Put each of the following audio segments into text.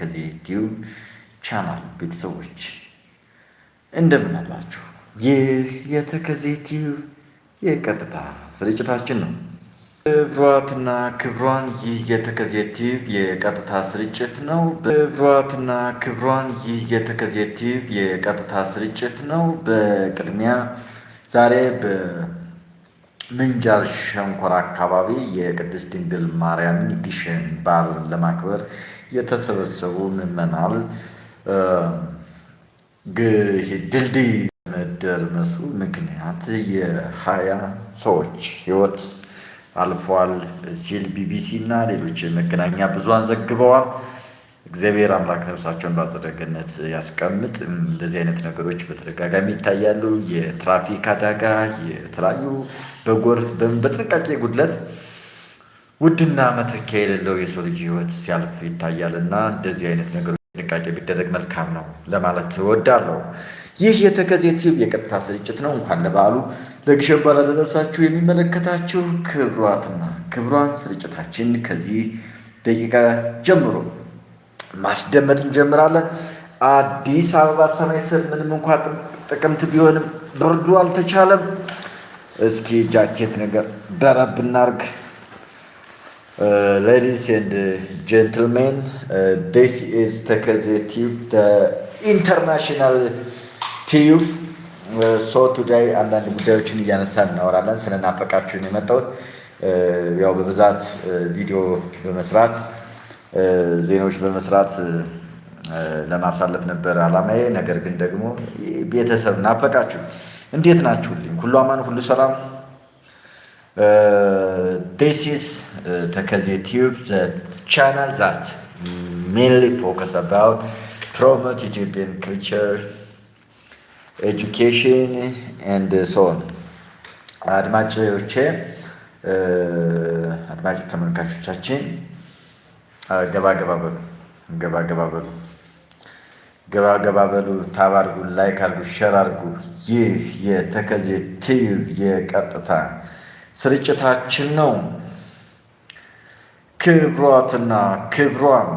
ከዚህ ዩቲዩብ ቻናል ቤተሰቦች እንደምን አላችሁ? ይህ የተከዜ ዩቲዩብ የቀጥታ ስርጭታችን ነው። ክብሯትና ክብሯን ይህ የተከዜ ዩቲዩብ የቀጥታ ስርጭት ነው። ክብሯትና ክብሯን ይህ የተከዜ ዩቲዩብ የቀጥታ ስርጭት ነው። በቅድሚያ ዛሬ በምንጃር ሸንኮራ አካባቢ የቅድስት ድንግል ማርያምን ግሸን በዓል ለማክበር የተሰበሰቡ ምዕመናን ድልድይ መደርመሱ ምክንያት የሀያ ሰዎች ህይወት አልፏል ሲል ቢቢሲ እና ሌሎች መገናኛ ብዙሃን ዘግበዋል። እግዚአብሔር አምላክ ነፍሳቸውን በአጸደ ገነት ያስቀምጥ። እንደዚህ አይነት ነገሮች በተደጋጋሚ ይታያሉ። የትራፊክ አደጋ፣ የተለያዩ በጎርፍ በጥንቃቄ ጉድለት ውድና መተኪያ የሌለው የሰው ልጅ ህይወት ሲያልፍ ይታያልና እንደዚህ አይነት ነገሮች ጥንቃቄ ቢደረግ መልካም ነው ለማለት እወዳለሁ። ይህ የተከዜ ቲዩብ የቀጥታ ስርጭት ነው። እንኳን ለበዓሉ ለግሸን በዓል አደረሳችሁ። የሚመለከታችሁ ክብሯትና ክብሯን ስርጭታችን ከዚህ ደቂቃ ጀምሮ ማስደመጥ እንጀምራለን። አዲስ አበባ ሰማይ ስር ምንም እንኳ ጥቅምት ቢሆንም ብርዱ አልተቻለም። እስኪ ጃኬት ነገር ደረብ እናርግ። ሌዲስ ኤንድ ጀንትልሜን ዲስ ኢዝ ተከዜ the ኢንተርናሽናል ቲዩብ። ሶ ቱዳይ አንዳንድ ጉዳዮችን እያነሳን እናወራለን። ስለናፈቃችሁን የመጣሁት uh, ያው በብዛት uh, ቪዲዮ በመስራት uh, ዜናዎች በመስራት ለማሳለፍ ነበር አላማዬ። ነገር ግን ደግሞ ቤተሰብ ናፈቃችሁ። እንዴት ናችሁልኝ? ሁሉ አማን፣ ሁሉ ሰላም Uh, this is uh, Takase Tube, the channel that mainly focus about promote Ethiopian culture, ኤጁኬሽን ኤንድ ሶን አድማጮቼ አድማጭ ተመልካቾቻችን ገባ ገባ በሉ ገባ ገባ በሉ ገባ ገባ በሉ ታብ አድርጉ፣ ላይክ አድርጉ፣ ሸር አድርጉ። ይህ የተከዜ ትዩብ የቀጥታ ስርጭታችን ነው። ክብሯትና ክብሯም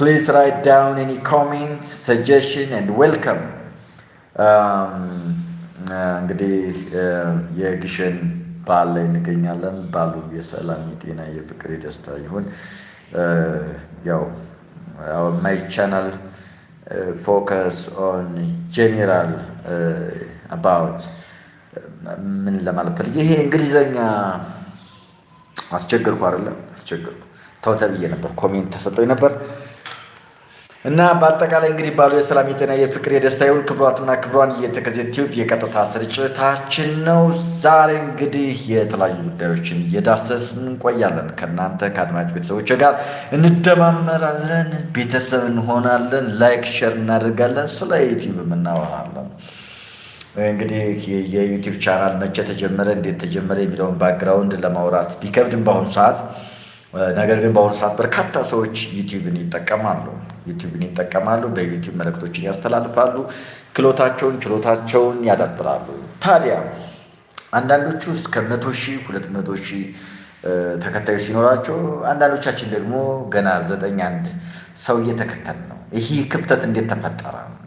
ፕሊዝ ራይት ዳውን ኤኒ ኮሜንት ሰጀሽን ኤንድ ዌልካም። እንግዲህ um, የግሸን በዓል ላይ እንገኛለን። ባሉ የሰላም የጤና የፍቅር የደስታ ይሁን። uh, ያው ማይ ቻናል ፎከስ ኦን ጄኔራል አባውት ምን ለማለት ፈልጌ ይሄ እንግሊዘኛ አስቸግርኩ አይደለም አስቸግርኩ ብዬ ነበር ኮሜንት ተሰጠኝ ነበር እና በአጠቃላይ እንግዲህ ባሉ የሰላም የጤና የፍቅር የደስታ ይሁን ክብሯትና ክብሯን የተከዜ ቲዩብ የቀጥታ ስርጭታችን ነው። ዛሬ እንግዲህ የተለያዩ ጉዳዮችን እየዳሰስ እንቆያለን። ከእናንተ ከአድማጭ ቤተሰቦች ጋር እንደማመራለን፣ ቤተሰብ እንሆናለን፣ ላይክ ሸር እናደርጋለን፣ ስለ ዩቲዩብ እናወራለን። እንግዲህ የዩቲዩብ ቻናል መቼ ተጀመረ፣ እንዴት ተጀመረ የሚለውን ባክግራውንድ ለማውራት ቢከብድም በአሁኑ ሰዓት ነገር ግን በአሁኑ ሰዓት በርካታ ሰዎች ዩቲዩብን ይጠቀማሉ። ዩቲዩብን ይጠቀማሉ። በዩቲዩብ መልእክቶችን ያስተላልፋሉ። ክሎታቸውን፣ ችሎታቸውን ያዳብራሉ። ታዲያ አንዳንዶቹ እስከ መቶ ሺህ ሁለት መቶ ሺህ ተከታዮች ሲኖራቸው፣ አንዳንዶቻችን ደግሞ ገና ዘጠኝ አንድ ሰው እየተከተል ነው። ይህ ክፍተት እንዴት ተፈጠረ? ነው።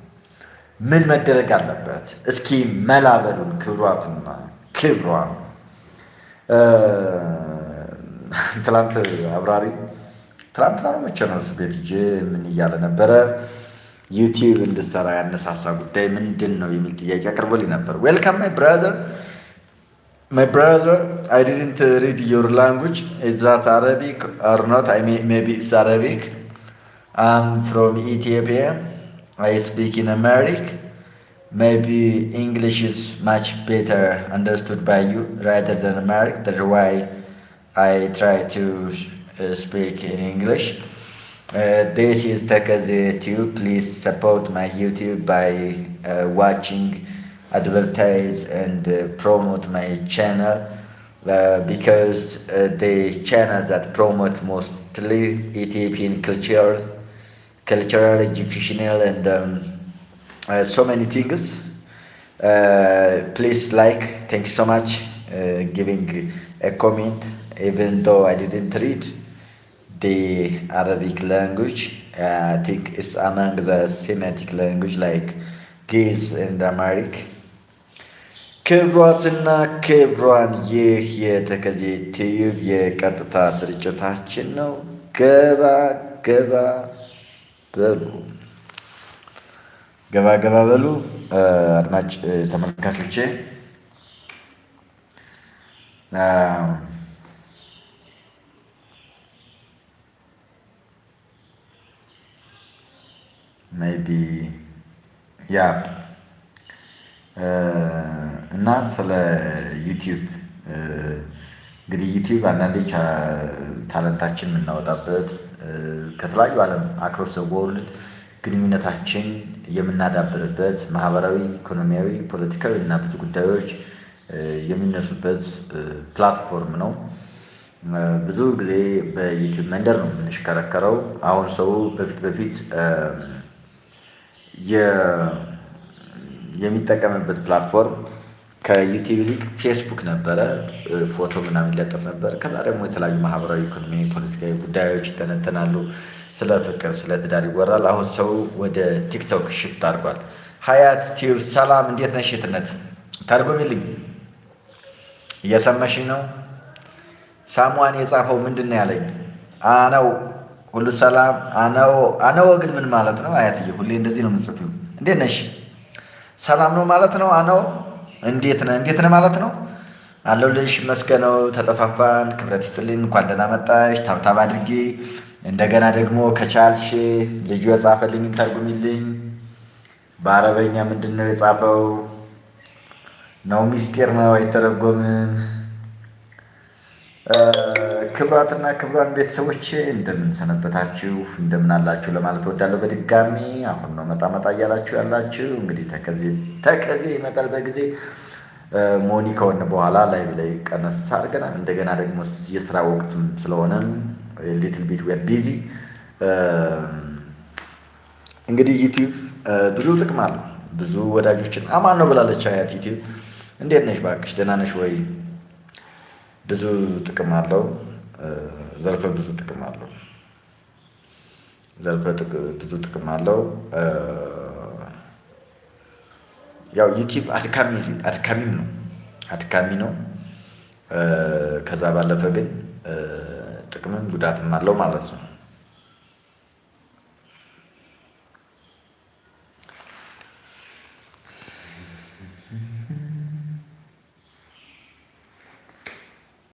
ምን መደረግ አለበት? እስኪ መላበሉን ክብሯትና ክብሯን ትላንት አብራሪ ትላንትና ነው መቼ ነው እሱ ቤት ሂጅ ምን እያለ ነበረ ዩቲዩብ እንድሰራ ያነሳሳ ጉዳይ ምንድን ነው የሚል ጥያቄ አቅርቦልኝ ነበር። ዌልካም ማይ ብራዘር ማይ ብራዘር አይ ዲድንት ሪድ ዮር ላንጉጅ ዛት አረቢክ ኦር ኖት ሜቢ ኢትስ አረቢክ አም ፍሮም ኢትዮጵያ I speak in American. Maybe English is much better understood by you rather than American. That's why I try to uh, speak in English. Uh, this is Takazi Too. Please support my YouTube by uh, watching, advertise, and uh, promote my channel uh, because uh, the channel that promote mostly Ethiopian culture cultural, educational, and um, uh, so many things. Uh, please like. Thank you so much uh, giving a comment. Even though I didn't read the Arabic language, uh, I think it's among the Semitic language like ግዕዝ and አማሪክ ክብሯትና ክብሯን ይህ የተከዜ ቲዩብ የቀጥታ ስርጭታችን ነው። ገባ ገባ በሉ ገባ ገባ በሉ አድማጭ ተመልካቾቼ ሜቢ ያ እና ስለ ዩቲዩብ እንግዲህ ዩቲዩብ አንዳንዴ ታለንታችን የምናወጣበት ከተለያዩ ዓለም አክሮስ ዘ ወርልድ ግንኙነታችን የምናዳብርበት ማህበራዊ፣ ኢኮኖሚያዊ፣ ፖለቲካዊ እና ብዙ ጉዳዮች የሚነሱበት ፕላትፎርም ነው። ብዙ ጊዜ በዩቲዩብ መንደር ነው የምንሽከረከረው። አሁን ሰው በፊት በፊት የሚጠቀምበት ፕላትፎርም ከዩቲዩብ ይልቅ ፌስቡክ ነበረ፣ ፎቶ ምናምን ይለጠፍ ነበር። ከዛ ደግሞ የተለያዩ ማህበራዊ፣ ኢኮኖሚ፣ ፖለቲካዊ ጉዳዮች ይተነተናሉ። ስለ ፍቅር፣ ስለ ትዳር ይወራል። አሁን ሰው ወደ ቲክቶክ ሽፍት አድርጓል። ሀያት ቲዩብ ሰላም፣ እንዴት ነሽ? የትነት ተርጉሚልኝ፣ እየሰመሽኝ ነው? ሳሙዋን የጻፈው ምንድን ነው ያለኝ? አነው ሁሉ ሰላም አነው አነው። ግን ምን ማለት ነው? አያትዬ፣ ሁሌ እንደዚህ ነው የምጽፊው። እንዴት ነሽ? ሰላም ነው ማለት ነው አነው እንዴት ነህ እንዴት ነህ ማለት ነው። አለሁልሽ መስገነው ተጠፋፋን። ክብረት ይስጥልኝ። እንኳን ደህና መጣሽ። ታብታብ አድርጌ እንደገና ደግሞ ከቻልሽ ልጁ የጻፈልኝ ተርጉሚልኝ። በአረበኛ ምንድን ነው የጻፈው? ነው ሚስጢር ነው አይተረጎምም። ክብራትና ክብራን ቤተሰቦች እንደምን እንደምናላችሁ እንደምን ለማለት ወዳለሁ። በድጋሚ አሁን ነው መጣ መጣ እያላችሁ ያላችሁ እንግዲህ ተከዜ ተከዜ ይመጣል በጊዜ ሞኒ ከሆነ በኋላ ላይ ላይ ቀነስ አድርገናል። እንደገና ደግሞ የስራ ወቅትም ስለሆነ ሊትል ቢት ዌር ቢዚ። እንግዲህ ዩቲዩብ ብዙ ጥቅም አለው። ብዙ ወዳጆችን አማን ነው ብላለች አያት ዩቲዩብ። እንዴት ነሽ? እባክሽ ደህና ነሽ ወይ? ብዙ ጥቅም አለው። ዘርፈ ብዙ ጥቅም አለው። ዘርፈ ብዙ ጥቅም አለው። ያው ዩቲዩብ አድካሚ አድካሚም ነው አድካሚ ነው። ከዛ ባለፈ ግን ጥቅምም ጉዳትም አለው ማለት ነው።